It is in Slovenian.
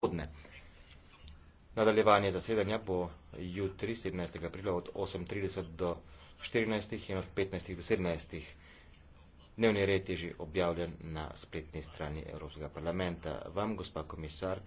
popodne. Nadaljevanje zasedanja bo jutri 17. aprila od 8.30 do 14. in od 15. do 17. Dnevni red je že objavljen na spletni strani Evropskega parlamenta. Vam, gospa komisarka.